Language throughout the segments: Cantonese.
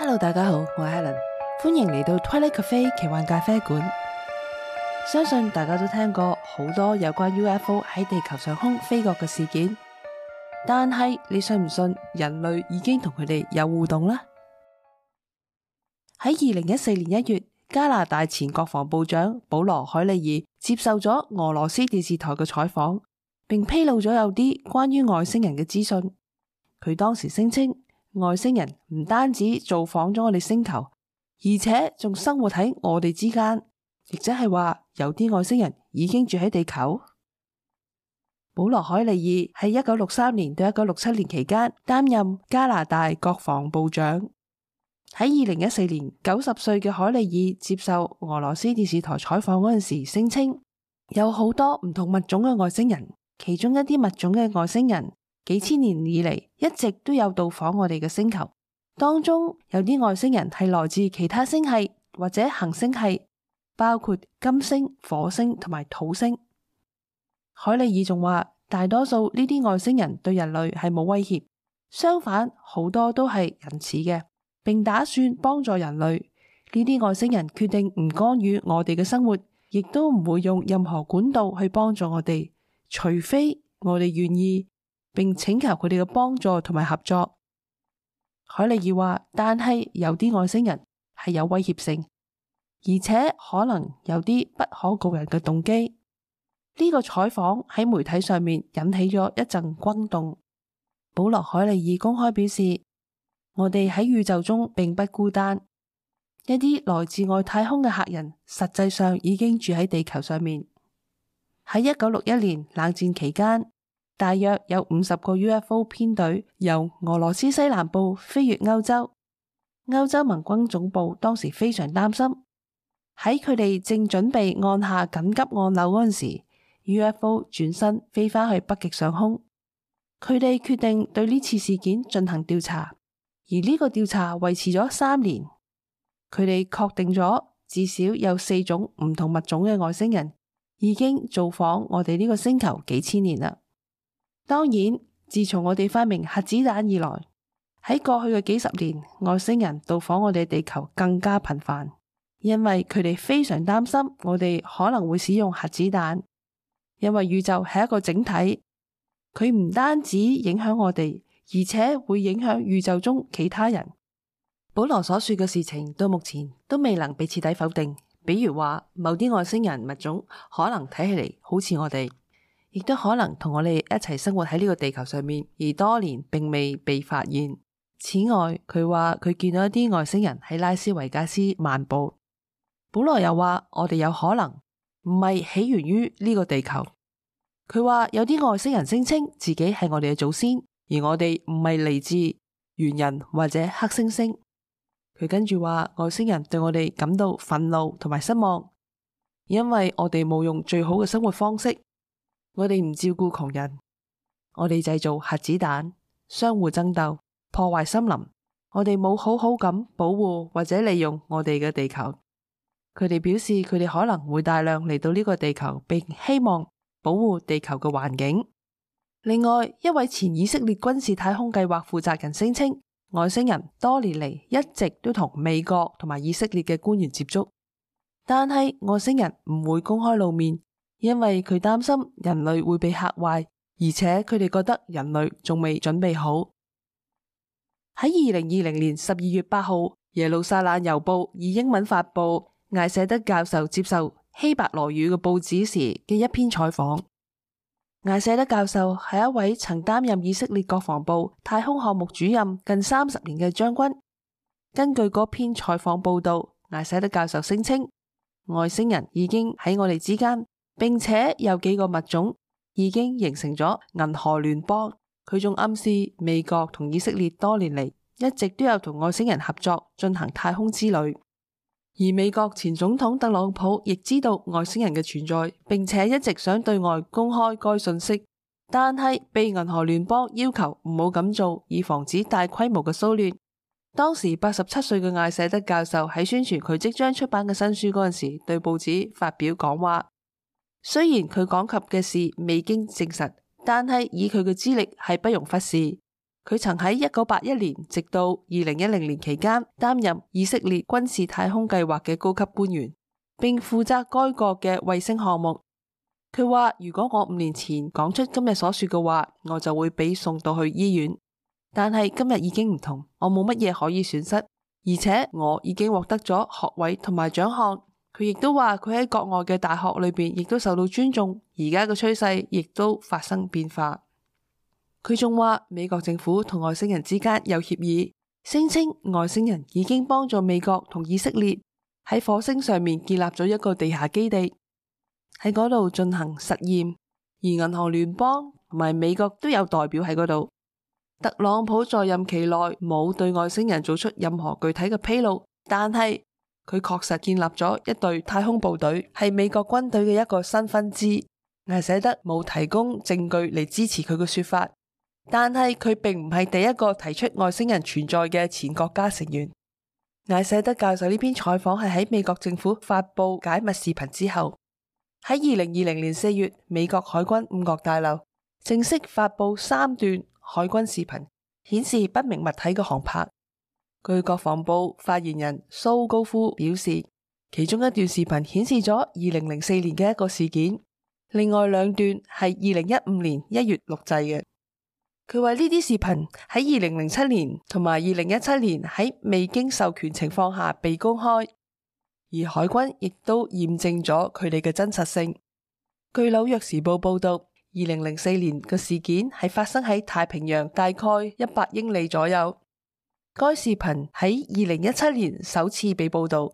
Hello，大家好，我係 Helen，歡迎嚟到 Twilight Cafe 奇幻咖啡館。相信大家都聽過好多有關 UFO 喺地球上空飛過嘅事件，但係你信唔信人類已經同佢哋有互動呢？喺二零一四年一月，加拿大前國防部長保羅海利爾接受咗俄羅斯電視台嘅採訪，並披露咗有啲關於外星人嘅資訊。佢當時聲稱。外星人唔單止造訪咗我哋星球，而且仲生活喺我哋之間，亦即係話有啲外星人已經住喺地球。保羅·海利爾喺一九六三年到一九六七年期間擔任加拿大國防部長。喺二零一四年九十歲嘅海利爾接受俄羅斯電視台採訪嗰陣時，聲稱有好多唔同物種嘅外星人，其中一啲物種嘅外星人。幾千年以嚟，一直都有到訪我哋嘅星球，當中有啲外星人係來自其他星系或者行星系，包括金星、火星同埋土星。海利爾仲話，大多數呢啲外星人對人類係冇威脅，相反，好多都係仁慈嘅，並打算幫助人類。呢啲外星人決定唔干預我哋嘅生活，亦都唔會用任何管道去幫助我哋，除非我哋願意。並請求佢哋嘅幫助同埋合作。海利爾話，但係有啲外星人係有威脅性，而且可能有啲不可告人嘅動機。呢個採訪喺媒體上面引起咗一陣轟動。保羅·海利爾公開表示，我哋喺宇宙中並不孤單，一啲來自外太空嘅客人實際上已經住喺地球上面。喺一九六一年冷戰期間，大約有五十個 UFO 編隊由俄羅斯西南部飛越歐洲。歐洲盟軍總部當時非常擔心，喺佢哋正準備按下緊急按鈕嗰陣時，UFO 轉身飛翻去北極上空。佢哋決定對呢次事件進行調查，而呢個調查維持咗三年。佢哋確定咗至少有四種唔同物種嘅外星人已經造訪我哋呢個星球幾千年啦。當然，自從我哋發明核子彈以來，喺過去嘅幾十年，外星人到訪我哋地球更加頻繁，因為佢哋非常擔心我哋可能會使用核子彈。因為宇宙係一個整體，佢唔單止影響我哋，而且會影響宇宙中其他人。保羅所說嘅事情到目前都未能被徹底否定，比如話某啲外星人物種可能睇起嚟好似我哋。亦都可能同我哋一齊生活喺呢個地球上面，而多年並未被發現。此外，佢話佢見到一啲外星人喺拉斯維加斯漫步。本來又話我哋有可能唔係起源於呢個地球。佢話有啲外星人聲稱自己係我哋嘅祖先，而我哋唔係嚟自猿人或者黑猩猩。佢跟住話外星人對我哋感到憤怒同埋失望，因為我哋冇用最好嘅生活方式。我哋唔照顧窮人，我哋製造核子彈，相互爭鬥，破壞森林。我哋冇好好咁保護或者利用我哋嘅地球。佢哋表示，佢哋可能會大量嚟到呢個地球，並希望保護地球嘅環境。另外，一位前以色列軍事太空計劃負責人聲稱，外星人多年嚟一直都同美國同埋以色列嘅官員接觸，但係外星人唔會公開露面。因為佢擔心人類會被嚇壞，而且佢哋覺得人類仲未準備好。喺二零二零年十二月八號，耶路撒冷郵報以英文發布，艾舍德教授接受希伯羅語嘅報紙時嘅一篇採訪。艾舍德教授係一位曾擔任以色列國防部太空項目主任近三十年嘅將軍。根據嗰篇採訪報道，艾舍德教授聲稱，外星人已經喺我哋之間。並且有幾個物種已經形成咗銀河聯邦。佢仲暗示，美國同以色列多年嚟一直都有同外星人合作進行太空之旅。而美國前總統特朗普亦知道外星人嘅存在，並且一直想對外公開該信息，但係被銀河聯邦要求唔好咁做，以防止大規模嘅騷亂。當時八十七歲嘅艾舍德教授喺宣傳佢即將出版嘅新書嗰陣時，對報紙發表講話。雖然佢講及嘅事未經證實，但係以佢嘅資歷係不容忽視。佢曾喺一九八一年直到二零一零年期間擔任以色列軍事太空計劃嘅高級官員，並負責該國嘅衛星項目。佢話：如果我五年前講出今日所說嘅話，我就會俾送到去醫院。但係今日已經唔同，我冇乜嘢可以損失，而且我已經獲得咗學位同埋獎項。佢亦都話佢喺國外嘅大學裏邊亦都受到尊重，而家嘅趨勢亦都發生變化。佢仲話美國政府同外星人之間有協議，聲稱外星人已經幫助美國同以色列喺火星上面建立咗一個地下基地，喺嗰度進行實驗。而銀河聯邦同埋美國都有代表喺嗰度。特朗普在任期內冇對外星人做出任何具體嘅披露，但係。佢確實建立咗一隊太空部隊，係美國軍隊嘅一個新分支。埃舍德冇提供證據嚟支持佢嘅說法，但係佢並唔係第一個提出外星人存在嘅前國家成員。埃舍德教授呢篇採訪係喺美國政府發布解密視頻之後，喺二零二零年四月，美國海軍五角大樓正式發布三段海軍視頻，顯示不明物體嘅航拍。據國防部發言人蘇高夫表示，其中一段視頻顯示咗二零零四年嘅一個事件，另外兩段係二零一五年一月錄製嘅。佢話呢啲視頻喺二零零七年同埋二零一七年喺未經授權情況下被公開，而海軍亦都驗證咗佢哋嘅真實性。據紐約時報報道，二零零四年嘅事件係發生喺太平洋大概一百英里左右。該視頻喺二零一七年首次被報道，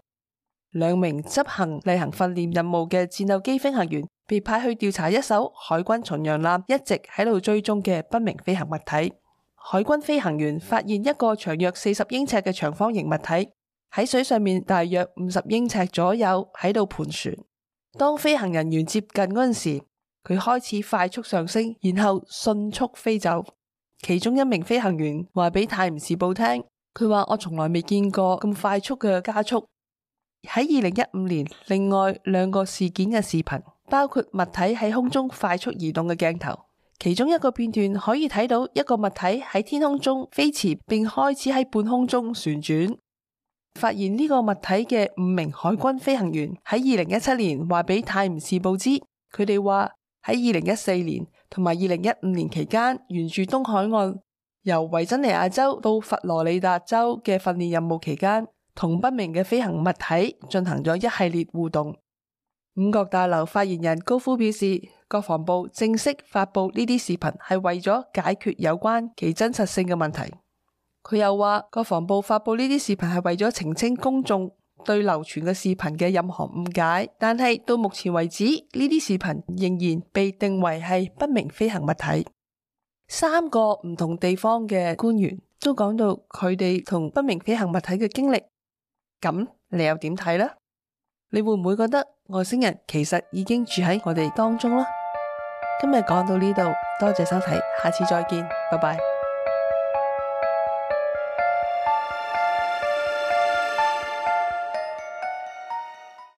兩名執行例行訓練任務嘅戰鬥機飛行員被派去調查一艘海軍巡洋艦一直喺度追蹤嘅不明飛行物體。海軍飛行員發現一個長約四十英尺嘅長方形物體喺水上面，大約五十英尺左右喺度盤旋。當飛行人員接近嗰陣時，佢開始快速上升，然後迅速飛走。其中一名飛行員話俾《泰晤士報》聽，佢話我從來未見過咁快速嘅加速。喺二零一五年，另外兩個事件嘅視頻，包括物體喺空中快速移動嘅鏡頭。其中一個片段可以睇到一個物體喺天空中飛馳，並開始喺半空中旋轉。發現呢個物體嘅五名海軍飛行員喺二零一七年話俾《泰晤士報》知，佢哋話。喺二零一四年同埋二零一五年期間，沿住東海岸，由維珍尼亞州到佛羅里達州嘅訓練任務期間，同不明嘅飛行物體進行咗一系列互動。五角大樓發言人高夫表示，國防部正式發布呢啲視頻係為咗解決有關其真實性嘅問題。佢又話，國防部發布呢啲視頻係為咗澄清公眾對流傳嘅視頻嘅任何誤解，但係到目前為止呢啲視頻仍然被定為係不明飛行物體。三個唔同地方嘅官員都講到佢哋同不明飛行物體嘅經歷。咁你又點睇呢？你會唔會覺得外星人其實已經住喺我哋當中呢？今日講到呢度，多謝收睇，下次再見，拜拜。